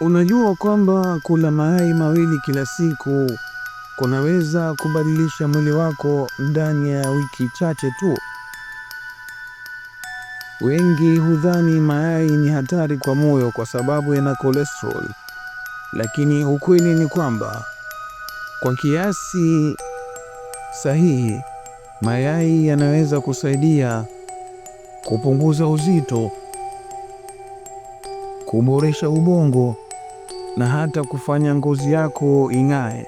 Unajua kwamba kula mayai mawili kila siku kunaweza kubadilisha mwili wako ndani ya wiki chache tu. Wengi hudhani mayai ni hatari kwa moyo kwa sababu yana cholesterol, lakini ukweli ni kwamba kwa kiasi sahihi mayai yanaweza kusaidia kupunguza uzito, kuboresha ubongo na hata kufanya ngozi yako ing'ae.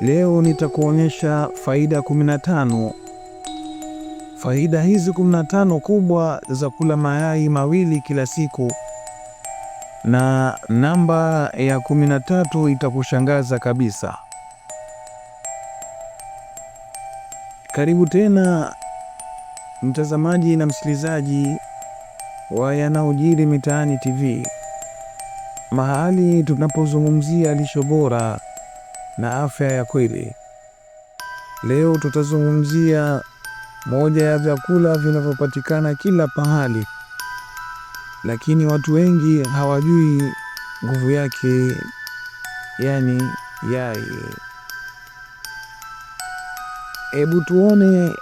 Leo nitakuonyesha faida 15. Faida hizi 15 kubwa za kula mayai mawili kila siku, na namba ya 13 itakushangaza kabisa. Karibu tena mtazamaji na msikilizaji wa Yanayojiri Mitaani TV mahali tunapozungumzia lisho bora na afya ya kweli. Leo tutazungumzia moja ya vyakula vinavyopatikana kila pahali, lakini watu wengi hawajui nguvu yake, yani yai. Hebu tuone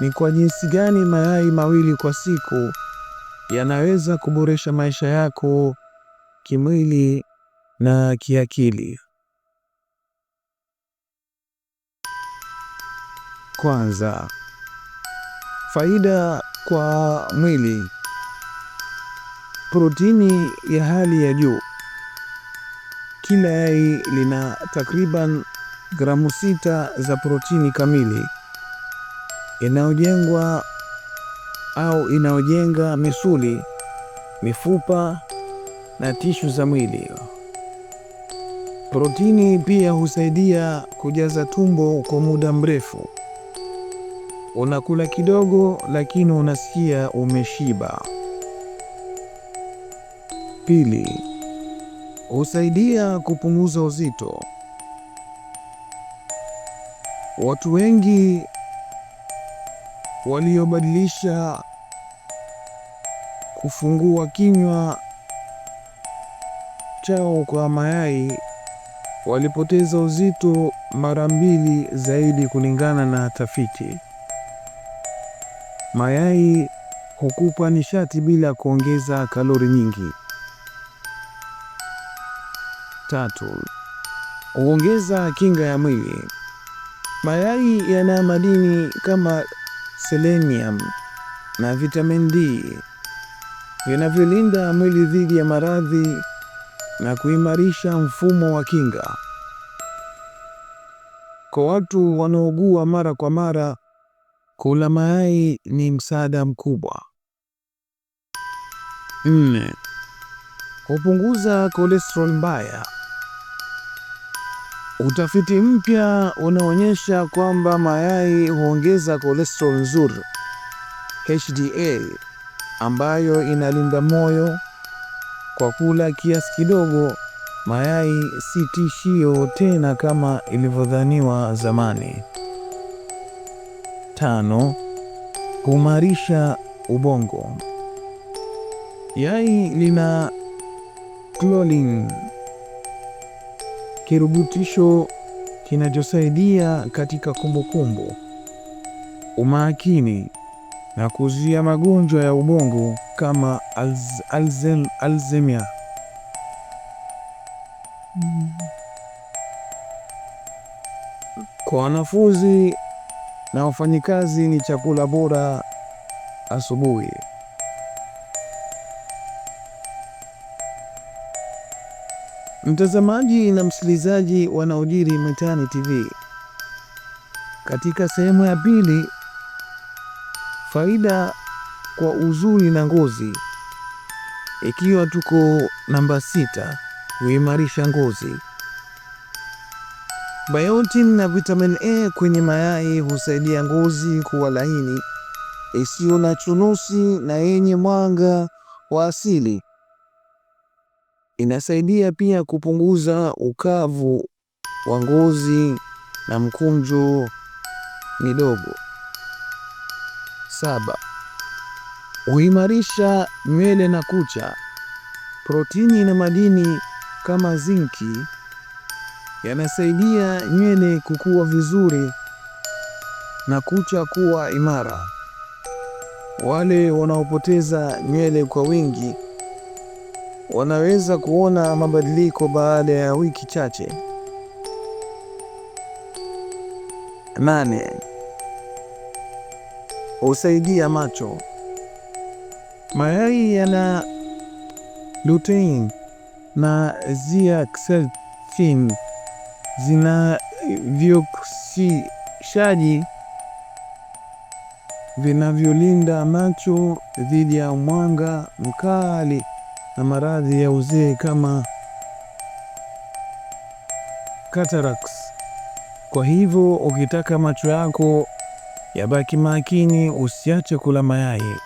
ni kwa jinsi gani mayai mawili kwa siku yanaweza kuboresha maisha yako kimwili na kiakili. Kwanza, faida kwa mwili: protini ya hali ya juu. Kila yai lina takriban gramu sita za protini kamili inayojengwa au inayojenga misuli, mifupa na tishu za mwili. Protini pia husaidia kujaza tumbo kwa muda mrefu. Unakula kidogo lakini unasikia umeshiba. Pili, husaidia kupunguza uzito. Watu wengi waliobadilisha kufungua kinywa chao kwa mayai walipoteza uzito mara mbili zaidi kulingana na tafiti. Mayai hukupa nishati bila kuongeza kalori nyingi. Tatu, huongeza kinga ya mwili. Mayai yana madini kama selenium na vitamin D vinavyolinda mwili dhidi ya maradhi na kuimarisha mfumo wa kinga. Kwa watu wanaougua mara kwa mara, kula mayai ni msaada mkubwa. Nne, kupunguza kolesterol mbaya. Utafiti mpya unaonyesha kwamba mayai huongeza kolesterol nzuri HDL ambayo inalinda moyo, kwa kula kiasi kidogo, mayai si tishio tena kama ilivyodhaniwa zamani. Tano, kuimarisha ubongo. Yai lina klorini, kirubutisho kinachosaidia katika kumbukumbu, umakini na kuzuia magonjwa ya ubongo kama Alzheimer. Kwa wanafunzi na wafanyikazi ni chakula bora asubuhi. Mtazamaji na msikilizaji wanaojiri mitaani TV, katika sehemu ya pili Faida kwa uzuri na ngozi. Ikiwa tuko namba sita, huimarisha ngozi. Biotin na vitamin A kwenye mayai husaidia ngozi kuwa laini isiyo na chunusi na yenye mwanga wa asili. Inasaidia pia kupunguza ukavu wa ngozi na mkunjo midogo saba huimarisha nywele na kucha. Protini na madini kama zinki yanasaidia nywele kukua vizuri na kucha kuwa imara. Wale wanaopoteza nywele kwa wingi wanaweza kuona mabadiliko baada ya wiki chache. Nane husaidia macho. Mayai yana lutein na zeaxanthin zina vioksishaji vinavyolinda macho dhidi ya mwanga mkali na maradhi ya uzee kama cataracts. Kwa hivyo ukitaka macho yako Yabaki makini, usiache kula mayai.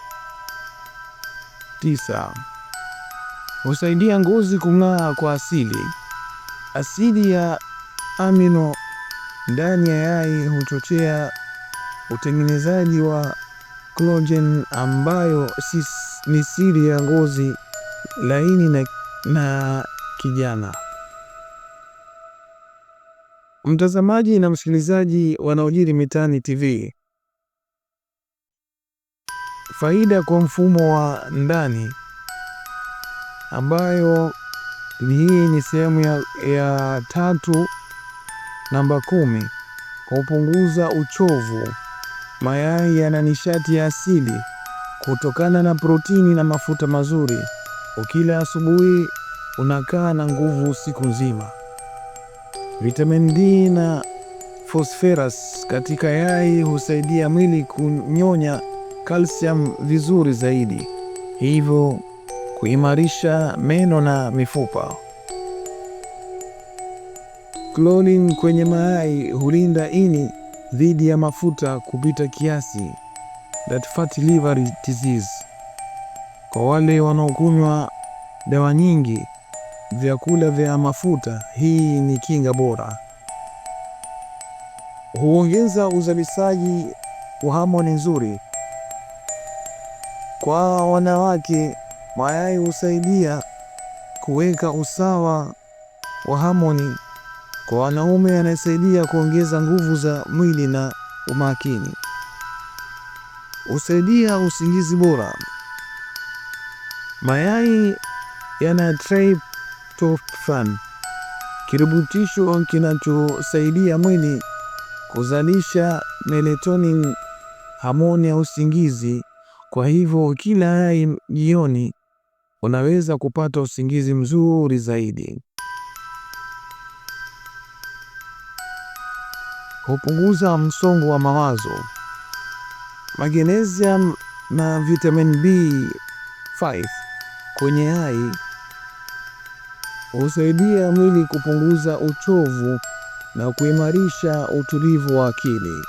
Tisa, husaidia ngozi kung'aa kwa asili. Asidi ya amino ndani ya yai huchochea utengenezaji wa collagen ambayo ni siri ya ngozi laini na, na kijana. Mtazamaji na msikilizaji wanaojiri mitaani TV. Faida kwa mfumo wa ndani ambayo hii ni sehemu ya, ya tatu namba kumi, kupunguza uchovu. Mayai yana nishati ya asili kutokana na protini na mafuta mazuri. Ukila asubuhi unakaa na nguvu siku nzima. Vitamin D na phosphorus katika yai husaidia mwili kunyonya calcium vizuri zaidi, hivyo kuimarisha meno na mifupa. Chlorine kwenye mayai hulinda ini dhidi ya mafuta kupita kiasi, that fatty liver disease. Kwa wale wanaokunywa dawa nyingi, vyakula vya mafuta, hii ni kinga bora. Huongeza uzalishaji wa homoni nzuri kwa wanawake, mayai husaidia kuweka usawa wa homoni. Kwa wanaume, yanasaidia kuongeza nguvu za mwili na umakini. Husaidia usingizi bora. Mayai yana tryptophan, kirubutisho kinachosaidia mwili kuzalisha melatonin, homoni ya usingizi kwa hivyo kila jioni unaweza kupata usingizi mzuri zaidi. Hupunguza msongo wa mawazo. Magnesium na vitamin B5 kwenye hai husaidia mwili kupunguza uchovu na kuimarisha utulivu wa akili.